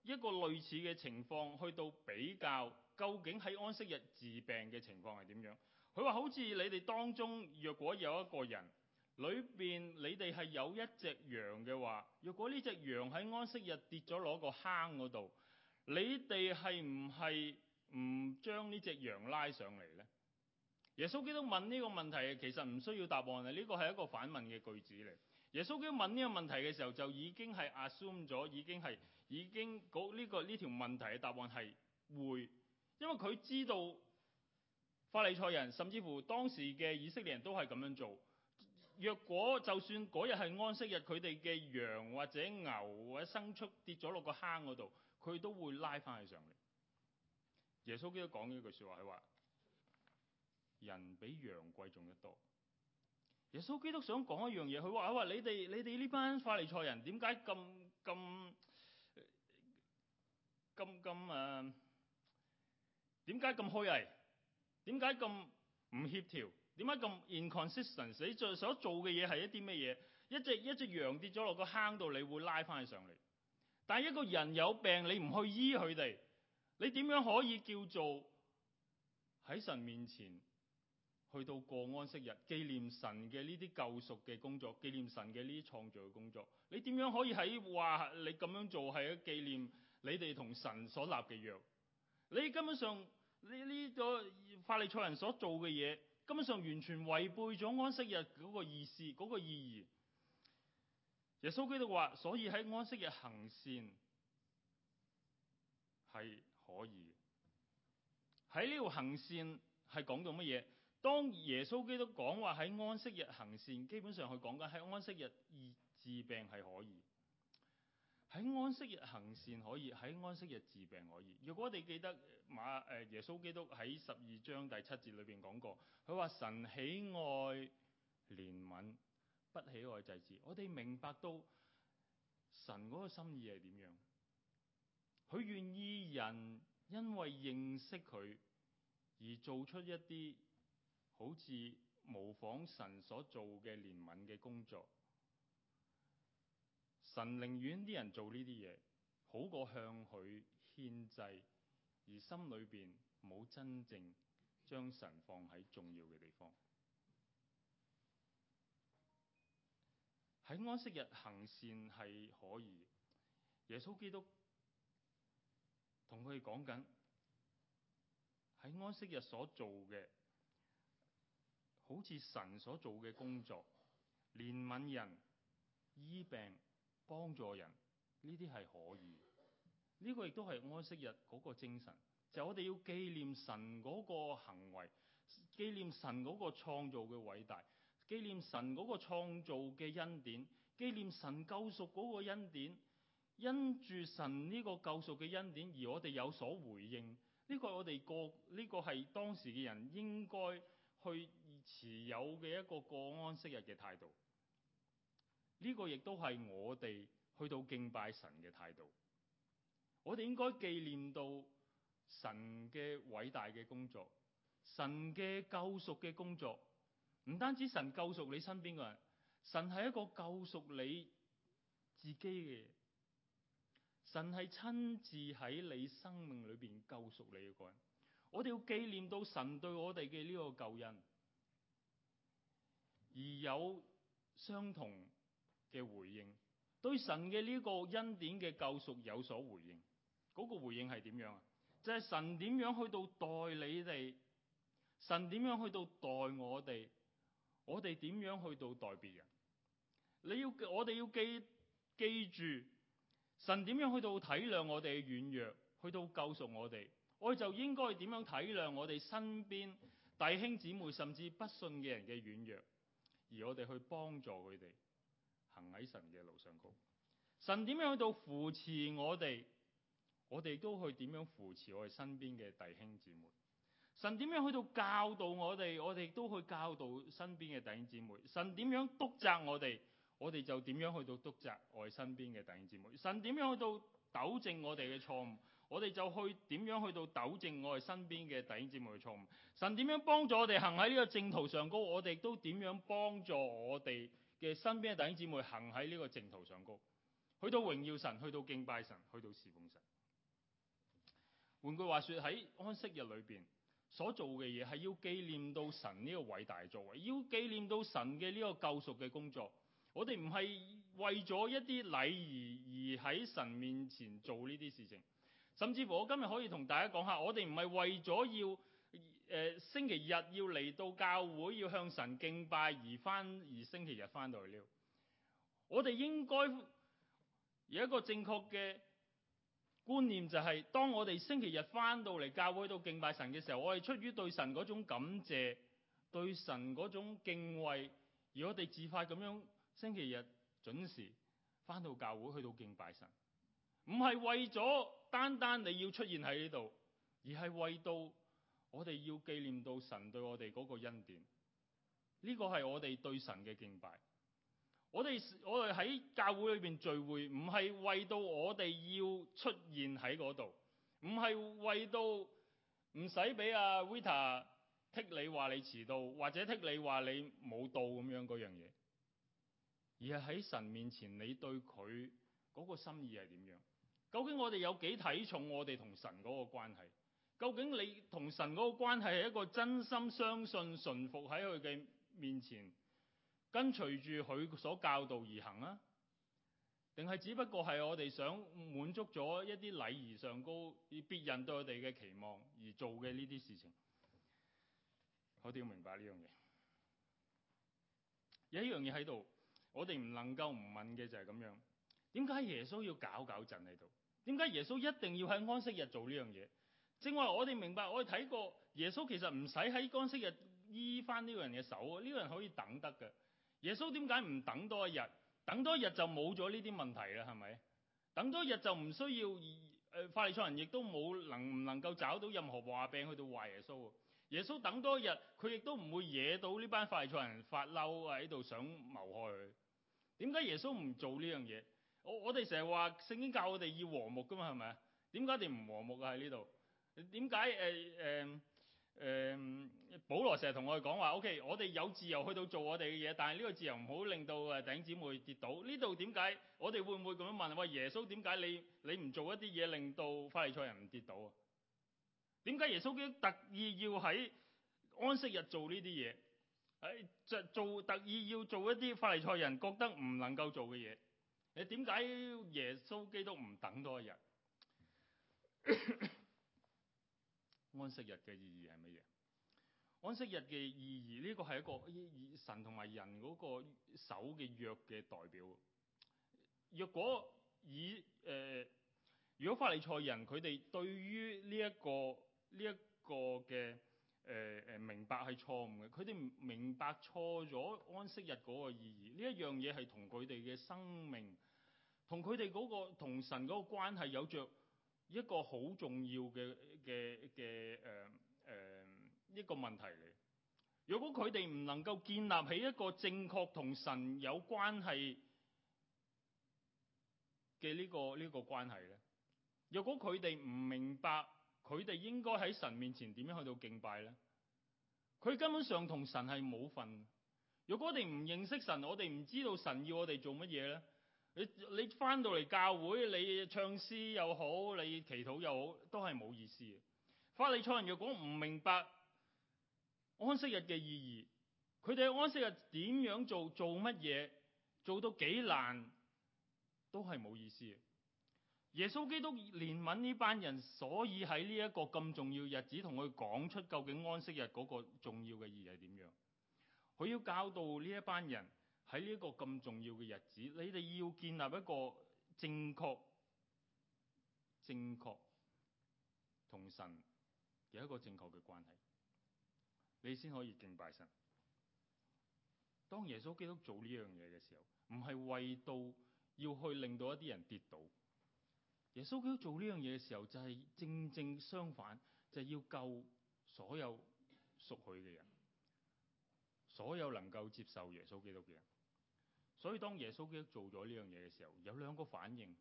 一個類似嘅情況去到比較，究竟喺安息日治病嘅情況係點樣？佢話好似你哋當中若果有一個人，裏邊你哋係有一隻羊嘅話，如果呢隻羊喺安息日跌咗落個坑嗰度，你哋係唔係唔將呢隻羊拉上嚟呢？耶穌基督問呢個問題，其實唔需要答案嘅，呢個係一個反問嘅句子嚟。耶穌基督問呢個問題嘅時候，就已經係 assume 咗已經係已經呢、這個呢條、這個這個、問題嘅答案係會，因為佢知道法利賽人甚至乎當時嘅以色列人都係咁樣做。若果就算嗰日係安息日，佢哋嘅羊或者牛或者牲畜跌咗落個坑嗰度，佢都會拉翻去上嚟。耶穌基督講呢句説話，佢話：人比羊貴重得多。耶穌基督想講一樣嘢，佢話：，佢話你哋你哋呢班法利賽人點解咁咁咁咁誒？點解咁虛偽？點解咁唔協調？點解咁 inconsistency？你最所做嘅嘢係一啲乜嘢？一隻一隻羊跌咗落個坑度，你會拉翻佢上嚟。但係一個人有病，你唔去醫佢哋，你點樣可以叫做喺神面前去到過安息日、紀念神嘅呢啲救贖嘅工作、紀念神嘅呢啲創造嘅工作？你點樣可以喺話你咁樣做係紀念你哋同神所立嘅約？你根本上呢呢個法利賽人所做嘅嘢。根本上完全違背咗安息日嗰個意思嗰、嗰個意義。耶穌基督話：所以喺安息日行善係可以。喺呢度行善係講到乜嘢？當耶穌基督講話，喺安息日行善，基本上佢講緊，喺安息日治病係可以。喺安息日行善可以，喺安息日治病可以。如果我哋記得馬耶穌基督喺十二章第七節裏面講過，佢話「神喜愛憐憫，不喜愛祭祀」，我哋明白到神嗰個心意係點樣？佢願意人因為認識佢而做出一啲好似模仿神所做嘅憐憫嘅工作。神寧願啲人做呢啲嘢，好過向佢獻祭，而心裏邊冇真正將神放喺重要嘅地方。喺安息日行善係可以，耶穌基督同佢哋講緊喺安息日所做嘅，好似神所做嘅工作，憐憫人、醫病。幫助人呢啲係可以，呢個亦都係安息日嗰個精神。就我哋要紀念神嗰個行為，紀念神嗰個創造嘅偉大，紀念神嗰個創造嘅恩典，紀念神救贖嗰個恩典。因住神呢個救贖嘅恩典，而我哋有所回應。呢個係我哋個呢個係當時嘅人應該去持有嘅一個過安息日嘅態度。呢個亦都係我哋去到敬拜神嘅態度。我哋應該紀念到神嘅偉大嘅工作，神嘅救贖嘅工作。唔單止神救贖你身邊嘅人，神係一個救贖你自己嘅。神係親自喺你生命裏邊救贖你嘅個人。我哋要紀念到神對我哋嘅呢個救恩，而有相同嘅回應對神嘅呢個恩典嘅救贖有所回應，嗰個回應係點樣啊？就係神點樣去到待你哋，神點樣去到待我哋，我哋點樣去到待別人？你要我哋要記記住，神點樣去到體諒我哋嘅軟弱，去到救贖我哋，我哋就應該點樣體諒我哋身邊弟兄姊妹、甚至不信嘅人嘅軟弱，而我哋去幫助佢哋。行喺神嘅路上高，神點樣去到扶持我哋，我哋都去點樣扶持我哋身邊嘅弟兄姊妹。神點樣去到教導我哋，我哋都去教導身邊嘅弟兄姊妹。神點樣督責我哋，我哋就點樣去到督責我哋身邊嘅弟兄姊妹。神點樣去到糾正我哋嘅錯誤，我哋就去點樣去到糾正我哋身邊嘅弟兄姊妹嘅錯誤。神點樣幫助我哋行喺呢個正途上高，我哋都點樣幫助我哋嘅身邊嘅弟兄姊妹行喺呢個正途上高，去到榮耀神，去到敬拜神，去到侍奉神。換句話說，喺安息日裏邊所做嘅嘢係要紀念到神呢個偉大作為，要紀念到神嘅呢個救贖嘅工作。我哋唔係為咗一啲禮儀而喺神面前做呢啲事情，甚至乎我今日可以同大家講下，我哋唔係為咗要。呃，星期日要嚟到教會要向神敬拜而，而翻而星期日翻到嚟了。我哋應該有一個正確嘅觀念，就係，就係當我哋星期日翻到嚟教會度敬拜神嘅時候，我哋出於對神嗰種感謝，對神嗰種敬畏，而我哋自發咁樣星期日準時翻到教會去到敬拜神，唔係為咗單單你要出現喺呢度，而係為到。我哋要紀念到神對我哋嗰個恩典，呢個係我哋對神嘅敬拜。我哋我哋喺教會裏邊聚會，唔係為到我哋要出現喺嗰度，唔係為到唔使俾阿 Vita 剔你話你遲到，或者剔你話你冇到咁樣嗰樣嘢，而係喺神面前你對佢嗰個心意係點樣？究竟我哋有幾睇重我哋同神嗰個關係？究竟你同神嗰個關係係一個真心相信、順服喺佢嘅面前，跟隨住佢所教導而行啊？定係只不過係我哋想滿足咗一啲禮儀上高，而別人對我哋嘅期望而做嘅呢啲事情？我哋要明白呢樣嘢。有一樣嘢喺度，我哋唔能夠唔問嘅就係咁樣，點解耶穌要搞搞震喺度？點解耶穌一定要喺安息日做呢樣嘢？正話我哋明白，我哋睇過耶穌其實唔使喺安息日醫翻呢個人嘅手，呢、這個人可以等得嘅。耶穌點解唔等多一日？等多一日就冇咗呢啲問題啦，係咪？等多一日就唔需要誒、呃，法利賽人亦都冇能唔能夠找到任何話柄去到壞耶穌。耶穌等多一日，佢亦都唔會惹到呢班法利賽人發嬲喺度想謀害佢。點解耶穌唔做呢樣嘢？我我哋成日話聖經教我哋要和睦噶嘛，係咪？點解我哋唔和睦喺呢度？點解誒誒誒保羅成日同我哋講話，OK，我哋有自由去到做我哋嘅嘢，但係呢個自由唔好令到誒弟兄姊妹跌倒。呢度點解我哋會唔會咁樣問？喂、哎，耶穌點解你你唔做一啲嘢令到法利賽人唔跌倒啊？點解耶穌基督特意要喺安息日做呢啲嘢？喺、哎、做做特意要做一啲法利賽人覺得唔能夠做嘅嘢？你點解耶穌基督唔等多一日？ 安息日嘅意義係乜嘢？安息日嘅意義呢個係一個神同埋人嗰個守嘅約嘅代表。若果以誒、呃，如果法利賽人佢哋對於呢、呢、一個呢一、呢個嘅誒誒明白係錯誤嘅，佢哋明白錯咗安息日嗰個意義。呢一樣嘢係同佢哋嘅生命、同佢哋嗰個同神嗰個關係有着。一個好重要嘅嘅嘅誒誒一個問題嚟。如果佢哋唔能夠建立起一個正確同神有關係嘅呢個呢個關係咧，若果佢哋唔明白佢哋應該喺神面前點樣去到敬拜咧，佢根本上同神係冇份。如果我哋唔認識神，我哋唔知道神要我哋做乜嘢咧。你你翻到嚟教會，你唱詩又好，你祈禱又好，都係冇意思嘅。法利賽人若果唔明白安息日嘅意義，佢哋安息日點樣做，做乜嘢，做到幾難，都係冇意思。耶穌基督憐憫呢班人，所以喺呢一個咁重要日子同佢講出究竟安息日嗰個重要嘅意義係點樣，佢要教導呢一班人。喺呢一個咁重要嘅日子，你哋要建立一個正確、正確同神有一個正確嘅關係，你先可以敬拜神。當耶穌基督做呢樣嘢嘅時候，唔係為到要去令到一啲人跌倒。耶穌基督做呢樣嘢嘅時候，就係正正相反，就係要救所有屬佢嘅人，所有能夠接受耶穌基督嘅人。所以當耶穌基督做咗呢樣嘢嘅時候，有兩個反應。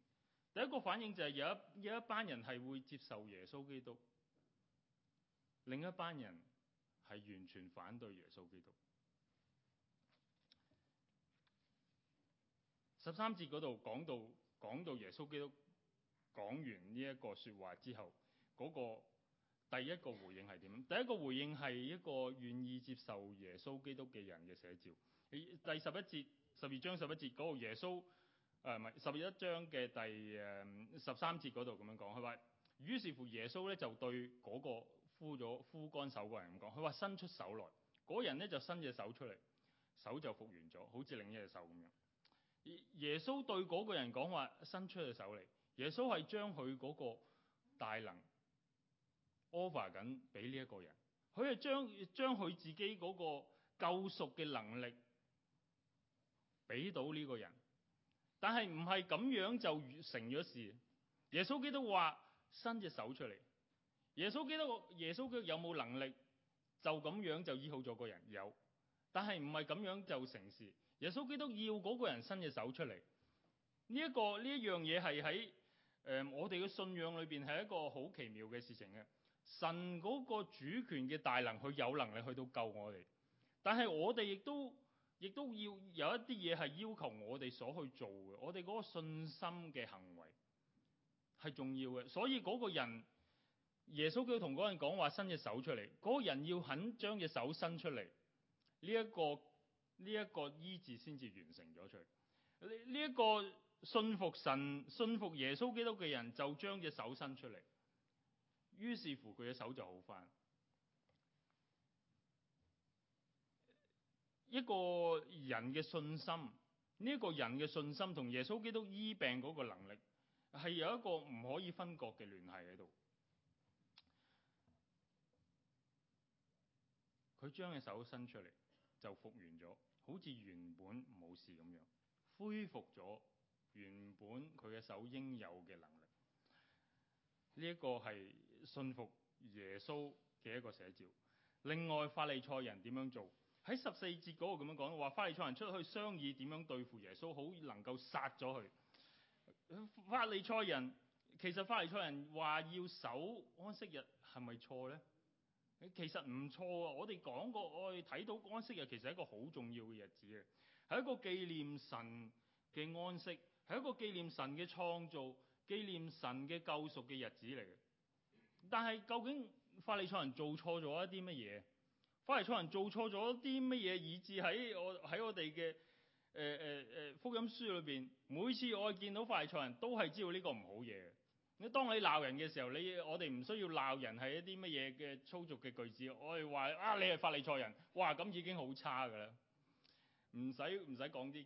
第一個反應就係有一有一班人係會接受耶穌基督，另一班人係完全反對耶穌基督。十三節嗰度講到講到耶穌基督講完呢一個說話之後，嗰個第一個回應係點？第一個回應係一個願意接受耶穌基督嘅人嘅寫照。第十一節。十二章十一節嗰度，耶穌，誒唔係十二一章嘅第誒十三節嗰度咁樣講，佢話，於是乎耶穌咧就對嗰個枯咗枯乾手嘅人咁講，佢話，伸出手來，嗰人咧就伸隻手出嚟，手就復原咗，好似另一隻手咁樣。耶穌對嗰個人講，話伸出隻手嚟，耶穌係將佢嗰個大能 offer 緊俾呢一個人，佢係將將佢自己嗰個救贖嘅能力。俾到呢個人，但係唔係咁樣就成咗事。耶穌基督話伸隻手出嚟。耶穌基督耶穌基督有冇能力就咁樣就醫好咗個人？有，但係唔係咁樣就成事。耶穌基督要嗰個人伸隻手出嚟。呢一個呢一樣嘢係喺我哋嘅信仰裏邊係一個好奇妙嘅事情嘅。神嗰個主權嘅大能，佢有能力去到救我哋，但係我哋亦都。亦都要有一啲嘢係要求我哋所去做嘅。我哋嗰個信心嘅行為，係重要嘅。所以嗰個人，耶穌基督同嗰人講，話伸隻手出嚟。嗰個人要肯將隻手伸出嚟，呢一個呢一個醫治先至完成咗出嚟。呢一個信服神、信服耶穌基督嘅人，就將隻手伸出嚟。於是乎，佢嘅手就好翻。一個人嘅信心，呢一個人嘅信心同耶穌基督醫病嗰個能力，係有一個唔可以分割嘅聯繫喺度。佢將隻手伸出嚟，就復原咗，好似原本冇事咁樣，恢復咗原本佢嘅手應有嘅能力。呢一個係信服耶穌嘅一個寫照。另外，法利賽人點樣做？喺十四節嗰度咁樣講，話法利賽人出去商議點樣對付耶穌，好能夠殺咗佢。法利賽人其實法利賽人話要守安息日係咪錯呢？其實唔錯啊！我哋講過，我哋睇到安息日其實係一個好重要嘅日子嘅，係一個紀念神嘅安息，係一個紀念神嘅創造、紀念神嘅救贖嘅日子嚟嘅。但係究竟法利賽人做錯咗一啲乜嘢？法利賽人做錯咗啲乜嘢，以致喺我喺我哋嘅誒誒誒福音書裏邊，每次我見到法利賽人都係知道呢個唔好嘢。你當你鬧人嘅時候，你我哋唔需要鬧人係一啲乜嘢嘅粗俗嘅句子，我哋話啊你係法利賽人，哇咁已經好差㗎啦，唔使唔使講啲誒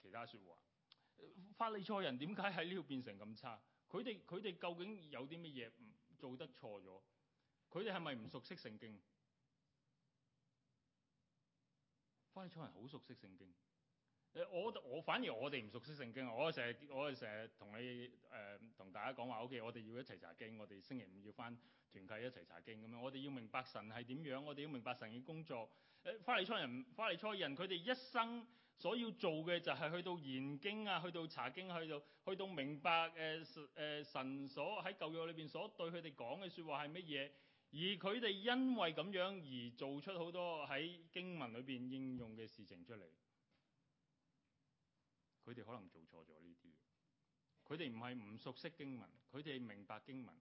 其他説話。法利賽人點解喺呢度變成咁差？佢哋佢哋究竟有啲乜嘢做得錯咗？佢哋係咪唔熟悉聖經？法利賽人好熟、呃、熟悉聖經，我我反而我哋唔熟悉聖經，我成日我成日同你誒、呃、同大家講話，O K，我哋要一齊查經，我哋星期五要返團契一齊查經咁樣，嗯，我哋要明白神係點樣，我哋要明白神嘅工作。誒、呃、法利賽人法利賽人佢哋一生所要做嘅就係去到研經啊，去到查經去到去到明白誒誒、呃呃、神所喺舊約裏邊所對佢哋講嘅説話係乜嘢。而佢哋因為咁樣而做出好多喺經文裏邊應用嘅事情出嚟，佢哋可能做錯咗呢啲。佢哋唔係唔熟悉經文，佢哋明白經文，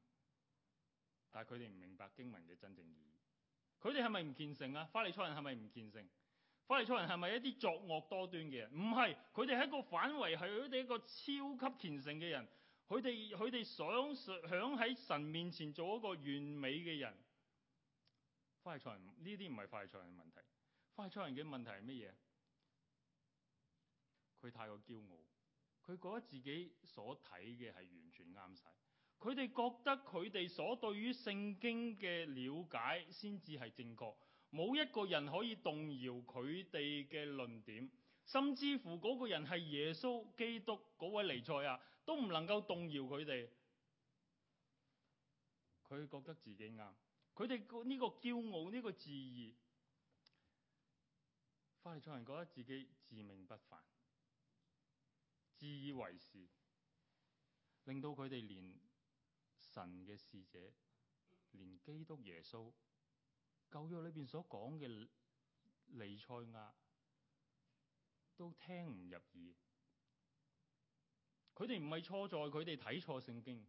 但係佢哋唔明白經文嘅真正意義。佢哋係咪唔虔誠啊？法利賽人係咪唔虔誠？法利賽人係咪一啲作惡多端嘅人？唔係，佢哋係一個反為係佢哋一個超級虔誠嘅人。佢哋佢哋想想喺神面前做一個完美嘅人，法利賽人呢啲唔係法利賽人嘅問題。法利賽人嘅問題係乜嘢？佢太過驕傲，佢覺得自己所睇嘅係完全啱晒。佢哋覺得佢哋所對於聖經嘅了解先至係正確，冇一個人可以動搖佢哋嘅論點。甚至乎嗰個人係耶穌基督嗰位尼賽亞，都唔能夠動搖佢哋。佢覺得自己啱，佢哋呢個驕傲、呢、呢個自義，法利賽人覺得自己自命不凡、自以為是，令到佢哋連神嘅使者、連基督耶穌、舊約裏邊所講嘅尼賽亞。都聽唔入耳，佢哋唔係錯在佢哋睇錯聖經，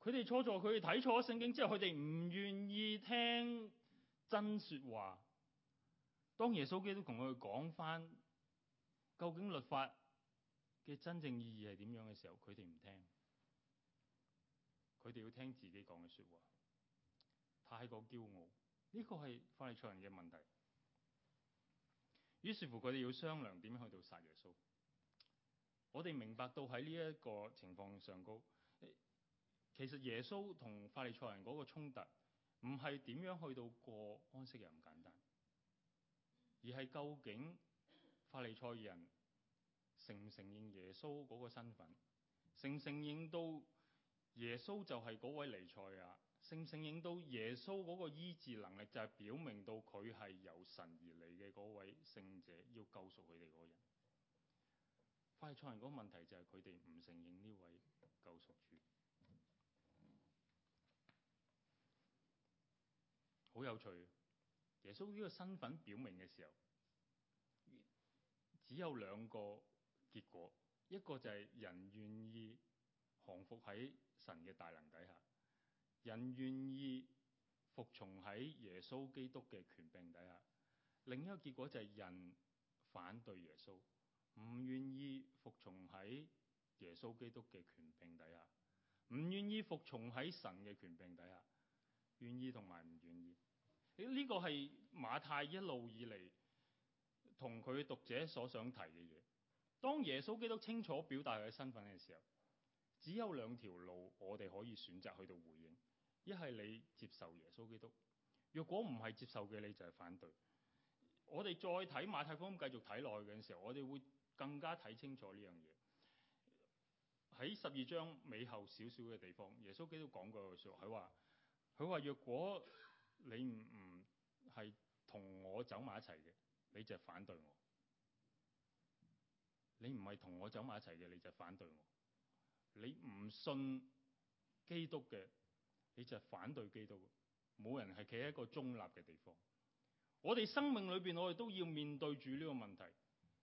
佢哋錯在佢哋睇錯咗聖經之後，佢哋唔願意聽真說話。當耶穌基督同佢哋講返究竟律法嘅真正意義係點樣嘅時候，佢哋唔聽，佢哋要聽自己講嘅說話，太過驕傲，呢個係法利賽人嘅問題。於是乎佢哋要商量點樣去到殺耶穌。我哋明白到喺呢一個情況上高，其實耶穌同法利賽人嗰個衝突唔係點樣去到過安息日咁簡單，而係究竟法利賽人承唔承認耶穌嗰個身份，承唔承認到耶穌就係嗰位彌賽亞。承唔承認到耶穌嗰個醫治能力，就係、是、表明到佢係由神而嚟嘅嗰位聖者，要救贖佢哋個人。快創人世記嗰個問題就係佢哋唔承認呢位救贖主。好有趣，耶穌呢個身份表明嘅時候，只有兩個結果，一個就係人願意降服喺神嘅大能底下。人願意服從喺耶穌基督嘅權柄底下，另一個結果就係人反對耶穌，唔願意服從喺耶穌基督嘅權柄底下，唔願意服從喺神嘅權柄底下，願意同埋唔願意。呢個係馬太一路以嚟同佢讀者所想提嘅嘢。當耶穌基督清楚表達佢嘅身份嘅時候，只有兩條路我哋可以選擇去到回應。一係你接受耶穌基督，若果唔係接受嘅，你就係反對。我哋再睇馬太福音繼續睇落去嘅時候，我哋會更加睇清楚呢樣嘢。喺十二章尾後少少嘅地方，耶穌基督講過嘅説話，佢話：佢話若果你唔唔係同我走埋一齊嘅，你就係反對我；你唔係同我走埋一齊嘅，你就係反對我；你唔信基督嘅。你就係反對基督，冇人係企喺一個中立嘅地方。我哋生命裏邊，我哋都要面對住呢個問題：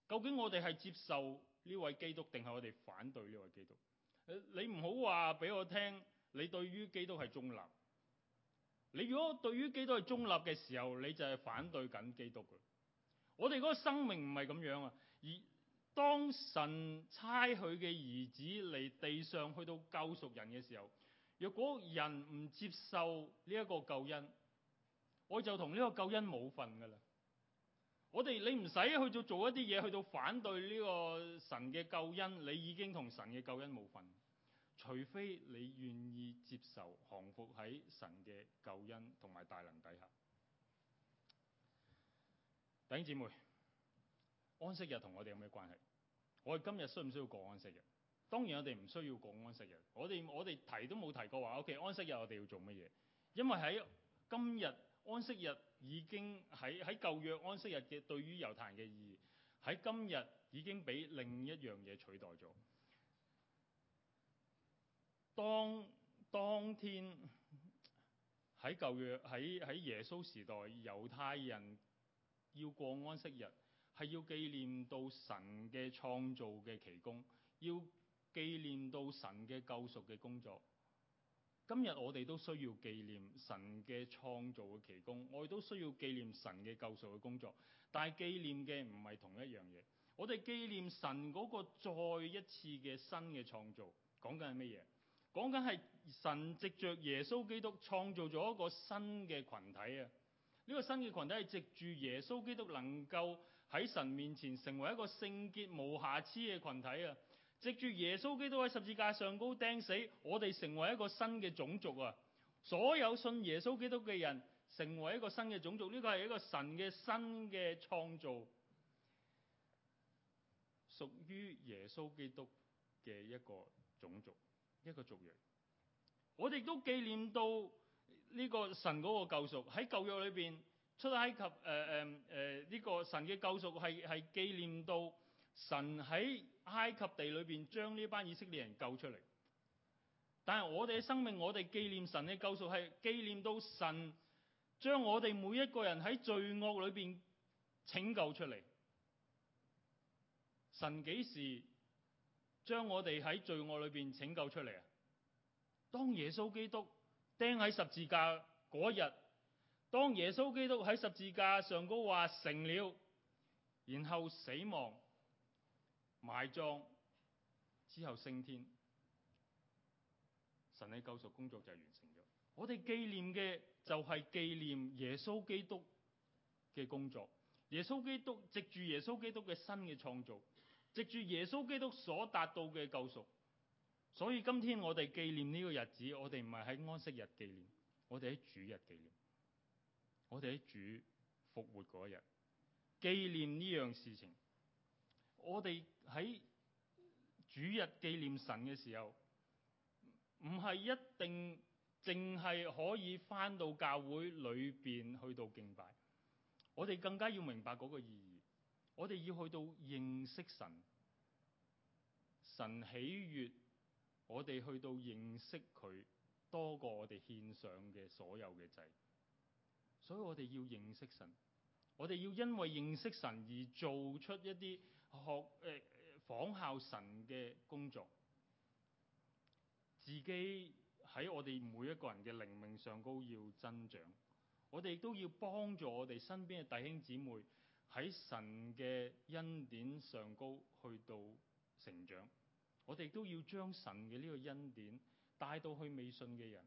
究竟我哋係接受呢位基督，定係我哋反對呢位基督？你唔好話俾我聽，你對於基督係中立。你如果對於基督係中立嘅時候，你就係反對緊基督。我哋嗰個生命唔係咁樣啊！而當神差佢嘅兒子嚟地上去到救熟人，救贖人嘅時候，若果人唔接受呢一個救恩，我就同呢個救恩冇份噶啦。我哋，你唔使去到做一啲嘢，去到反對呢個神嘅救恩，你已經同神嘅救恩冇份。除非你願意接受降服喺神嘅救恩同埋大能底下。弟兄姊妹，安息日同我哋有咩關係？我哋今日需唔需要過安息日？當然我哋唔需要過安息日，我哋我哋提都冇提過話，OK 安息日我哋要做乜嘢？因為喺今日安息日已經喺喺舊約安息日嘅對於猶太人嘅意義，喺今日已經俾另一樣嘢取代咗。當當天喺舊約喺喺耶穌時代，猶太人要過安息日，係要紀念到神嘅創造嘅奇功，要紀念到神嘅救贖嘅工作，今日我哋都需要紀念神嘅創造嘅奇功，我哋都需要紀念神嘅救贖嘅工作，但係紀念嘅唔係同一樣嘢。我哋紀念神嗰個再一次嘅新嘅創造，講緊係乜嘢？講緊係神藉著耶穌基督創造咗一個新嘅群體啊！呢、這個新嘅群體係藉住耶穌基督能夠喺神面前成為一個聖潔無瑕疵嘅群體啊！藉住耶穌基督喺十字架上高釘死，我哋成為一個新嘅種族啊！所有信耶穌基督嘅人，成為一個新嘅種族，呢、這個係一個神嘅新嘅創造，屬於耶穌基督嘅一個種族，一個族裔。我哋都紀念到呢個神嗰個救贖喺舊約裏邊出埃及，誒誒誒呢個神嘅救贖係係紀念到神喺。埃及地裏邊將呢班以色列人救出嚟，但係我哋嘅生命，我哋紀念神嘅救贖係紀念到神將我哋每一個人喺罪惡裏邊拯救出嚟。神幾時將我哋喺罪惡裏邊拯救出嚟啊？當耶穌基督釘喺十字架嗰日，當耶穌基督喺十字架上高話成了，然後死亡。埋葬之後升天，神嘅救贖工作就完成咗。我哋紀念嘅就係紀念耶穌基督嘅工作。耶穌基督藉住耶穌基督嘅新嘅創造，藉住耶穌基督所達到嘅救贖。所以今天我哋紀念呢個日子，我哋唔係喺安息日紀念，我哋喺主日紀念，我哋喺主復活嗰日紀念呢樣事情。我哋喺主日紀念神嘅時候，唔係一定淨係可以返到教會裏邊去到敬拜。我哋更加要明白嗰個意義。我哋要去到認識神，神喜悅我哋去到認識佢，多過我哋獻上嘅所有嘅祭。所以我哋要認識神，我哋要因為認識神而做出一啲。學、呃、仿效神嘅工作，自己喺我哋每一個人嘅靈命上高要增長，我哋都要幫助我哋身邊嘅弟兄姊妹喺神嘅恩典上高去到成長，我哋都要將神嘅呢個恩典帶到去未信嘅人，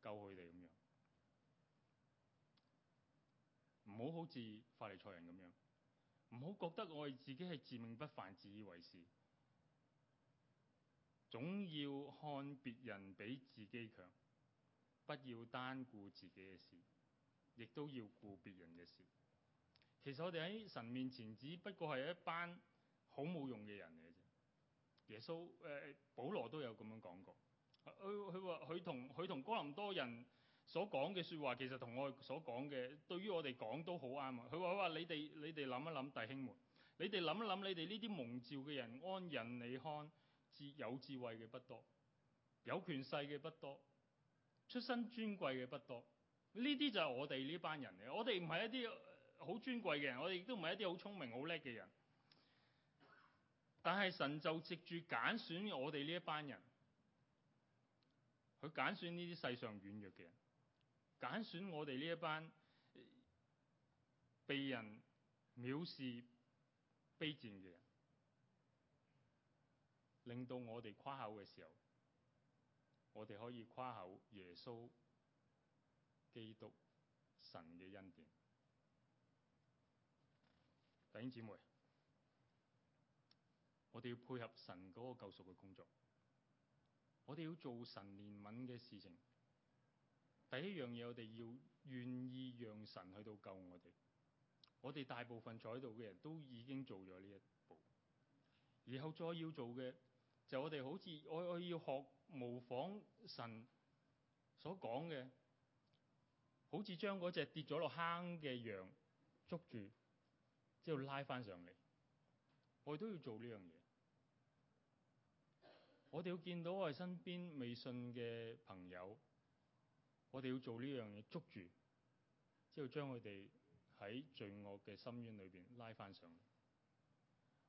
救佢哋咁樣，唔好好似法利賽人咁樣。唔好覺得我哋自己係自命不凡、自以為是，總要看別人比自己強，不要單顧自己嘅事，亦都要顧別人嘅事。其實我哋喺神面前，只不過係一班好冇用嘅人嚟啫。耶穌誒、呃，保羅都有咁樣講過。佢佢話佢同佢同哥林多人所講嘅説話其實同我所講嘅，對於我哋講都好啱。啊。佢話：佢話你哋你哋諗一諗，弟兄們，你哋諗一諗，你哋呢啲蒙召嘅人，按人嚟看，智有智慧嘅不多，有權勢嘅不多，出身尊貴嘅不多。呢啲就係我哋呢班人嚟。我哋唔係一啲好尊貴嘅人，我哋亦都唔係一啲好聰明好叻嘅人。但係神就藉住揀選我哋呢一班人，佢揀選呢啲世上軟弱嘅人。揀選我哋呢一班被人藐視、卑賤嘅人,令到我哋誇口嘅時候，我哋可以誇口耶穌基督神嘅恩典。弟兄姊妹，我哋要配合神嗰個救贖嘅工作，我哋要做神憐憫嘅事情。第一樣嘢，我哋要願意讓神去到救我哋。我哋大部分坐喺度嘅人都已經做咗呢一步，然後再要做嘅就我哋好似我我要學模仿神所講嘅，好似將嗰隻跌咗落坑嘅羊捉住，之後拉返上嚟。我哋都要做呢樣嘢。我哋要見到我哋身邊未信嘅朋友。我哋要做呢樣嘢，捉住，之後將佢哋喺罪惡嘅深淵裏面拉返上嚟。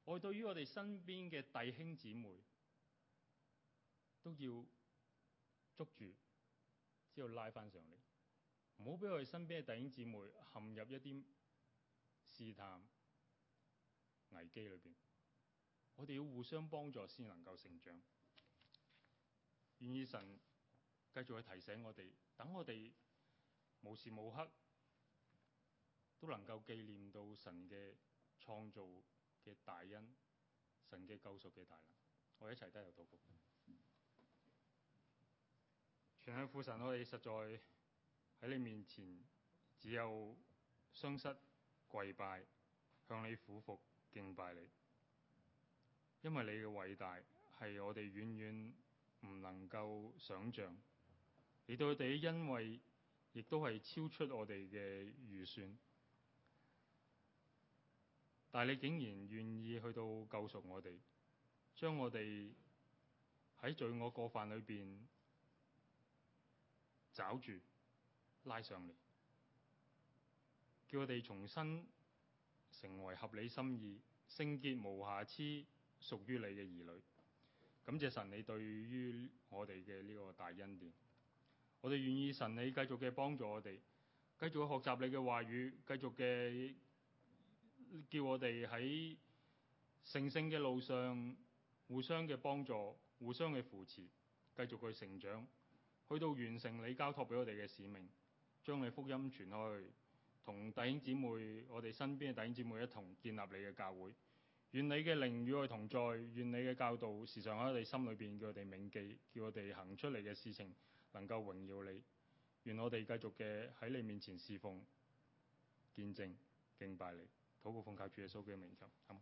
我哋對於我哋身邊嘅弟兄姊妹都要捉住，之後拉返上嚟，唔好俾我哋身邊嘅弟兄姊妹陷入一啲試探危機裏面。我哋要互相幫助先能夠成長。願意神，繼續去提醒我哋，等我哋無時無刻都能夠紀念到神嘅創造嘅大恩，神嘅救贖嘅大能，我哋一齊低頭禱告，嗯、全係父神，我哋實在喺你面前只有雙膝、跪拜、向你俯伏敬拜你，因為你嘅偉大係我哋遠遠唔能夠想像。你對我哋因為亦都係超出我哋嘅預算，但係你竟然願意去到救贖我哋，將我哋喺罪惡過犯裏邊找住拉上嚟，叫我哋重新成為合理心意、聖潔無瑕疵、屬於你嘅兒女。感謝神，你對於我哋嘅呢個大恩典。我哋願意神你繼續嘅幫助我哋，繼續學習你嘅話語，繼續嘅叫我哋喺成聖嘅路上互相嘅幫助，互相嘅扶持，繼續去成長，去到完成你交託俾我哋嘅使命，將你福音傳開去，同弟兄姊妹我哋身邊嘅弟兄姊妹一同建立你嘅教會。願你嘅靈與我同在，願你嘅教導時常喺你心裏邊，叫我哋銘記，叫我哋行出嚟嘅事情。能夠榮耀你，願我哋繼續嘅喺你面前侍奉、見證、敬拜你，禱告奉靠主耶穌嘅名，就咁。